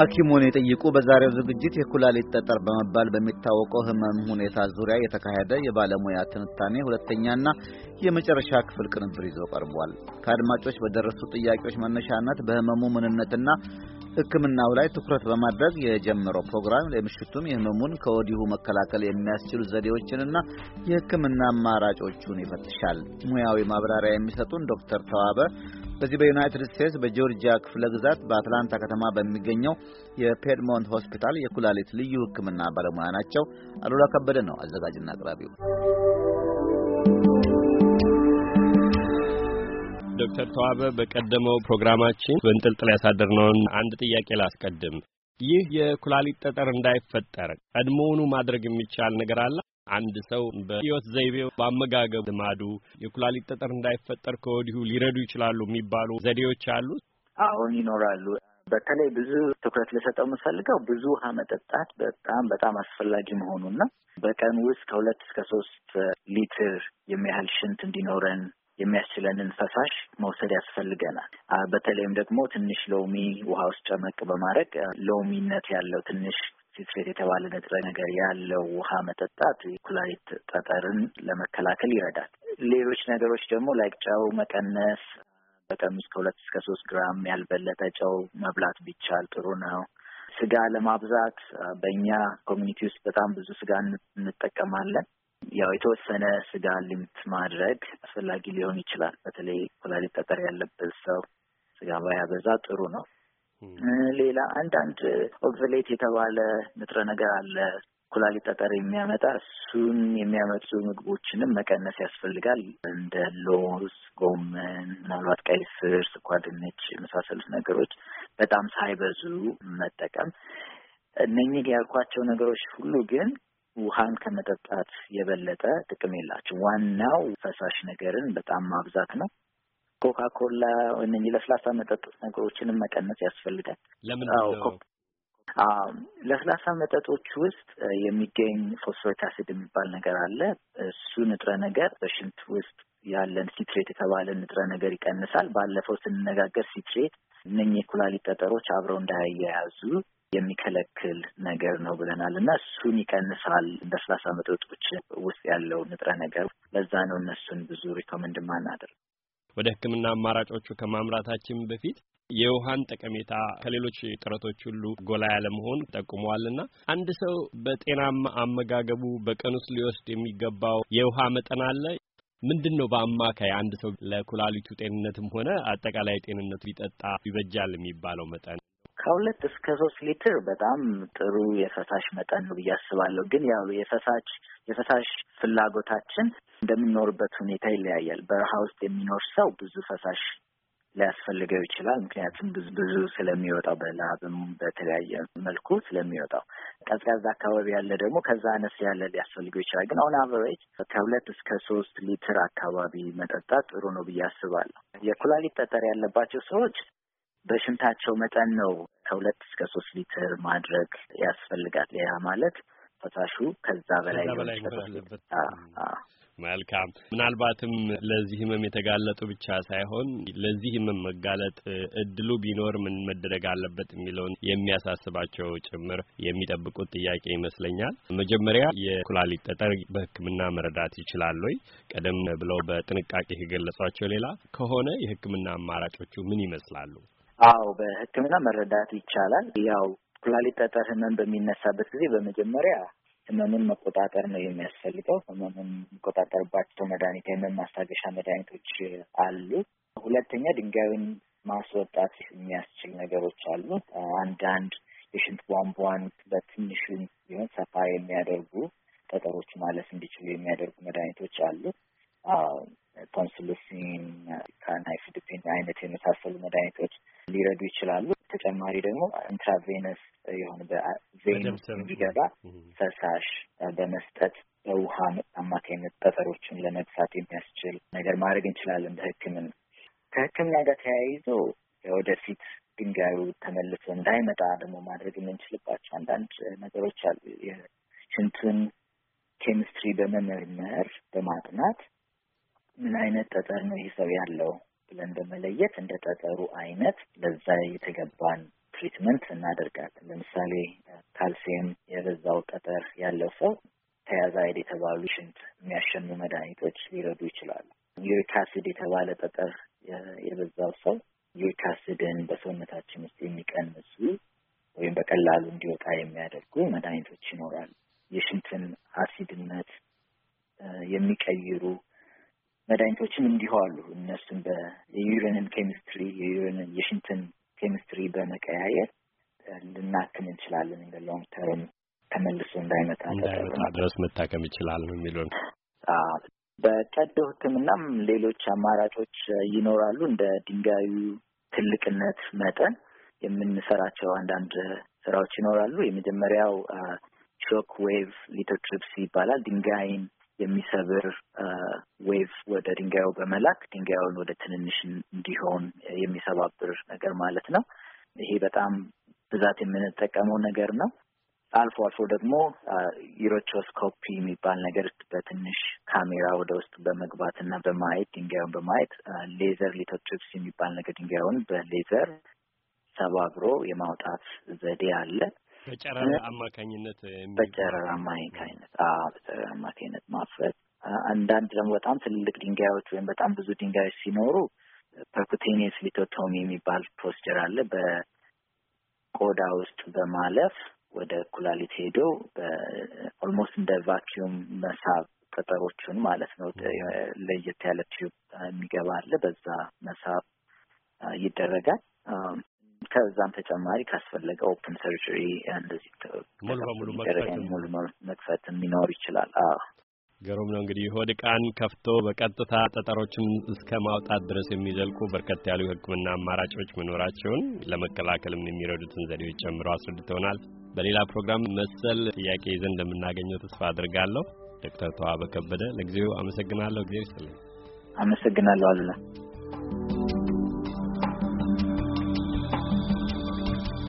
ሐኪሙን የጠይቁ በዛሬው ዝግጅት የኩላሊት ጠጠር በመባል በሚታወቀው ህመም ሁኔታ ዙሪያ የተካሄደ የባለሙያ ትንታኔ ሁለተኛና የመጨረሻ ክፍል ቅንብር ይዞ ቀርቧል። ከአድማጮች በደረሱ ጥያቄዎች መነሻነት በህመሙ ምንነትና ሕክምናው ላይ ትኩረት በማድረግ የጀመረው ፕሮግራም ለምሽቱም የህመሙን ከወዲሁ መከላከል የሚያስችሉ ዘዴዎችንና የሕክምና አማራጮቹን ይፈትሻል። ሙያዊ ማብራሪያ የሚሰጡን ዶክተር ተዋበ በዚህ በዩናይትድ ስቴትስ በጆርጂያ ክፍለ ግዛት በአትላንታ ከተማ በሚገኘው የፔድሞንት ሆስፒታል የኩላሊት ልዩ ሕክምና ባለሙያ ናቸው። አሉላ ከበደ ነው አዘጋጅና አቅራቢው። ዶክተር ተዋበ በቀደመው ፕሮግራማችን በእንጥልጥል ያሳደርነውን አንድ ጥያቄ ላስቀድም። ይህ የኩላሊት ጠጠር እንዳይፈጠር ቀድሞውኑ ማድረግ የሚቻል ነገር አለ? አንድ ሰው በህይወት ዘይቤው፣ በአመጋገብ ልማዱ የኩላሊት ጠጠር እንዳይፈጠር ከወዲሁ ሊረዱ ይችላሉ የሚባሉ ዘዴዎች አሉ? አሁን ይኖራሉ። በተለይ ብዙ ትኩረት ልሰጠው የምፈልገው ብዙ ውሃ መጠጣት በጣም በጣም አስፈላጊ መሆኑና በቀን ውስጥ ከሁለት እስከ ሶስት ሊትር የሚያህል ሽንት እንዲኖረን የሚያስችለንን ፈሳሽ መውሰድ ያስፈልገናል። በተለይም ደግሞ ትንሽ ሎሚ ውሃ ውስጥ ጨመቅ በማድረግ ሎሚነት ያለው ትንሽ ሲትሬት የተባለ ንጥረ ነገር ያለው ውሃ መጠጣት ኩላሊት ጠጠርን ለመከላከል ይረዳል። ሌሎች ነገሮች ደግሞ ላይክ ጨው መቀነስ፣ በቀን ውስጥ ከሁለት እስከ ሶስት ግራም ያልበለጠ ጨው መብላት ቢቻል ጥሩ ነው። ስጋ ለማብዛት በእኛ ኮሚኒቲ ውስጥ በጣም ብዙ ስጋ እንጠቀማለን። ያው የተወሰነ ስጋ ሊምት ማድረግ አስፈላጊ ሊሆን ይችላል። በተለይ ኩላሊት ጠጠር ያለበት ሰው ስጋ ባያበዛ ጥሩ ነው። ሌላ አንዳንድ ኦክዘሌት የተባለ ንጥረ ነገር አለ ኩላሊት ጠጠር የሚያመጣ እሱን የሚያመጡ ምግቦችንም መቀነስ ያስፈልጋል። እንደ ሎዝ፣ ጎመን፣ ምናልባት ቀይ ስር፣ ስኳር ድንች የመሳሰሉት ነገሮች በጣም ሳይበዙ መጠቀም። እነኚህ ያልኳቸው ነገሮች ሁሉ ግን ውሃን ከመጠጣት የበለጠ ጥቅም የላቸው። ዋናው ፈሳሽ ነገርን በጣም ማብዛት ነው። ኮካ ኮላ ወይም ለስላሳ መጠጦች ነገሮችንም መቀነስ ያስፈልጋል። ለምን? ለስላሳ መጠጦች ውስጥ የሚገኝ ፎስፎሪክ አሲድ የሚባል ነገር አለ። እሱ ንጥረ ነገር በሽንት ውስጥ ያለን ሲትሬት የተባለ ንጥረ ነገር ይቀንሳል። ባለፈው ስንነጋገር ሲትሬት እነኚህ የኩላሊት ጠጠሮች አብረው እንዳያያዙ የሚከለክል ነገር ነው ብለናል እና እሱን ይቀንሳል በስላሳ መጠጦች ውስጥ ያለው ንጥረ ነገር። ለዛ ነው እነሱን ብዙ ሪኮመንድ ማናደርግ። ወደ ሕክምና አማራጮቹ ከማምራታችን በፊት የውሃን ጠቀሜታ ከሌሎች ጥረቶች ሁሉ ጎላ ያለ መሆን ጠቁመዋልና አንድ ሰው በጤናማ አመጋገቡ በቀን ውስጥ ሊወስድ የሚገባው የውሃ መጠን አለ። ምንድን ነው በአማካይ አንድ ሰው ለኩላሊቱ ጤንነትም ሆነ አጠቃላይ ጤንነቱ ሊጠጣ ይበጃል የሚባለው መጠን? ከሁለት እስከ ሶስት ሊትር በጣም ጥሩ የፈሳሽ መጠን ነው ብዬ አስባለሁ። ግን ያው የፈሳሽ የፈሳሽ ፍላጎታችን እንደምንኖርበት ሁኔታ ይለያያል። በረሃ ውስጥ የሚኖር ሰው ብዙ ፈሳሽ ሊያስፈልገው ይችላል። ምክንያቱም ብዙ ብዙ ስለሚወጣው በላብም በተለያየ መልኩ ስለሚወጣው፣ ቀዝቃዛ አካባቢ ያለ ደግሞ ከዛ አነስ ያለ ሊያስፈልገው ይችላል። ግን አሁን አቨሬጅ ከሁለት እስከ ሶስት ሊትር አካባቢ መጠጣት ጥሩ ነው ብዬ አስባለሁ። የኩላሊት ጠጠር ያለባቸው ሰዎች በሽንታቸው መጠን ነው ከሁለት እስከ ሶስት ሊትር ማድረግ ያስፈልጋል። ያ ማለት ፈሳሹ ከዛ በላይ መልካም። ምናልባትም ለዚህ ህመም የተጋለጡ ብቻ ሳይሆን ለዚህ ህመም መጋለጥ እድሉ ቢኖር ምን መደረግ አለበት የሚለውን የሚያሳስባቸው ጭምር የሚጠብቁት ጥያቄ ይመስለኛል። መጀመሪያ የኩላሊት ጠጠር በሕክምና መረዳት ይችላል ወይ? ቀደም ብለው በጥንቃቄ ከገለጿቸው ሌላ ከሆነ የሕክምና አማራጮቹ ምን ይመስላሉ? አዎ በሕክምና መረዳት ይቻላል። ያው ኩላሊት ጠጠር ህመም በሚነሳበት ጊዜ በመጀመሪያ ህመሙን መቆጣጠር ነው የሚያስፈልገው። ህመሙን የሚቆጣጠርባቸው መድኃኒት የህመም ማስታገሻ መድኃኒቶች አሉ። ሁለተኛ ድንጋዩን ማስወጣት የሚያስችል ነገሮች አሉ። አንዳንድ የሽንት ቧንቧን በትንሹ ቢሆን ሰፋ የሚያደርጉ ጠጠሮች ማለፍ እንዲችሉ የሚያደርጉ መድኃኒቶች አሉ። ኮንስልሲን ከናይፍድፒን አይነት የመሳሰሉ መድኃኒቶች ሊረዱ ይችላሉ። ተጨማሪ ደግሞ ኢንትራቬነስ የሆነ በቬን የሚገባ ፈሳሽ በመስጠት በውሃ አማካኝነት ጠጠሮችን ለመግሳት የሚያስችል ነገር ማድረግ እንችላለን። በሕክምና ከሕክምና ጋር ተያይዞ ወደፊት ድንጋዩ ተመልሶ እንዳይመጣ ደግሞ ማድረግ የምንችልባቸው አንዳንድ ነገሮች አሉ። የሽንቱን ኬሚስትሪ በመመርመር በማጥናት ምን አይነት ጠጠር ነው ይህ ሰው ያለው ብለን በመለየት እንደ ጠጠሩ አይነት ለዛ የተገባን ትሪትመንት እናደርጋለን። ለምሳሌ ካልሲየም የበዛው ጠጠር ያለው ሰው ተያዛይድ የተባሉ ሽንት የሚያሸኑ መድኃኒቶች ሊረዱ ይችላሉ። ዩሪክ አሲድ የተባለ ጠጠር የበዛው ሰው ዩሪክ አሲድን በሰውነታችን ውስጥ የሚቀንሱ ወይም በቀላሉ እንዲወጣ የሚያደርጉ መድኃኒቶች ይኖራሉ። የሽንትን አሲድነት የሚቀይሩ መድኃኒቶችም እንዲሁ አሉ። እነሱም የዩሪንን ኬሚስትሪ የዩሪንን የሽንትን ኬሚስትሪ በመቀያየር ልናክም እንችላለን። እንደ ሎንግ ተርም ተመልሶ እንዳይመጣ ድረስ መታከም ይችላል ነው የሚለው። በቀዶ ሕክምናም ሌሎች አማራጮች ይኖራሉ። እንደ ድንጋዩ ትልቅነት መጠን የምንሰራቸው አንዳንድ ስራዎች ይኖራሉ። የመጀመሪያው ሾክ ዌቭ ሊቶትሪፕሲ ይባላል። ድንጋይን የሚሰብር ዌቭ ወደ ድንጋዩ በመላክ ድንጋዩን ወደ ትንንሽ እንዲሆን የሚሰባብር ነገር ማለት ነው። ይሄ በጣም ብዛት የምንጠቀመው ነገር ነው። አልፎ አልፎ ደግሞ ኢሮቾስኮፒ የሚባል ነገር በትንሽ ካሜራ ወደ ውስጥ በመግባት እና በማየት ድንጋዩን በማየት ሌዘር ሊቶትሪፕስ የሚባል ነገር ድንጋዩን በሌዘር ሰባብሮ የማውጣት ዘዴ አለ። በጨረር አማካኝነት በጨረር አማካኝነት በጨረር አማካኝነት ማፍረት። አንዳንድ ደግሞ በጣም ትልልቅ ድንጋዮች ወይም በጣም ብዙ ድንጋዮች ሲኖሩ ፐርኩቴኒየስ ሊቶቶሚ የሚባል ፕሮሲጀር አለ። በቆዳ ውስጥ በማለፍ ወደ ኩላሊት ሄዶ ኦልሞስት እንደ ቫኪዩም መሳብ ጠጠሮቹን ማለት ነው። ለየት ያለ ቲዩብ የሚገባ አለ። በዛ መሳብ ይደረጋል። ከዛም ተጨማሪ ካስፈለገ ኦፕን ሰርጀሪ እንደዚህ ሙሉ በሙሉ መክፈት የሚኖር ይችላል። አዎ ነው እንግዲህ ሆድ ዕቃን ከፍቶ በቀጥታ ጠጠሮችን እስከ ማውጣት ድረስ የሚዘልቁ በርከት ያሉ የሕክምና አማራጮች መኖራቸውን ለመከላከልም የሚረዱትን ዘዴዎች ጨምሮ አስረድተውናል። በሌላ ፕሮግራም መሰል ጥያቄ ይዘን እንደምናገኘው ተስፋ አድርጋለሁ። ዶክተር ተዋበ ከበደ ለጊዜው አመሰግናለሁ። ጊዜ ይስጥልኝ። አመሰግናለሁ አሉላ።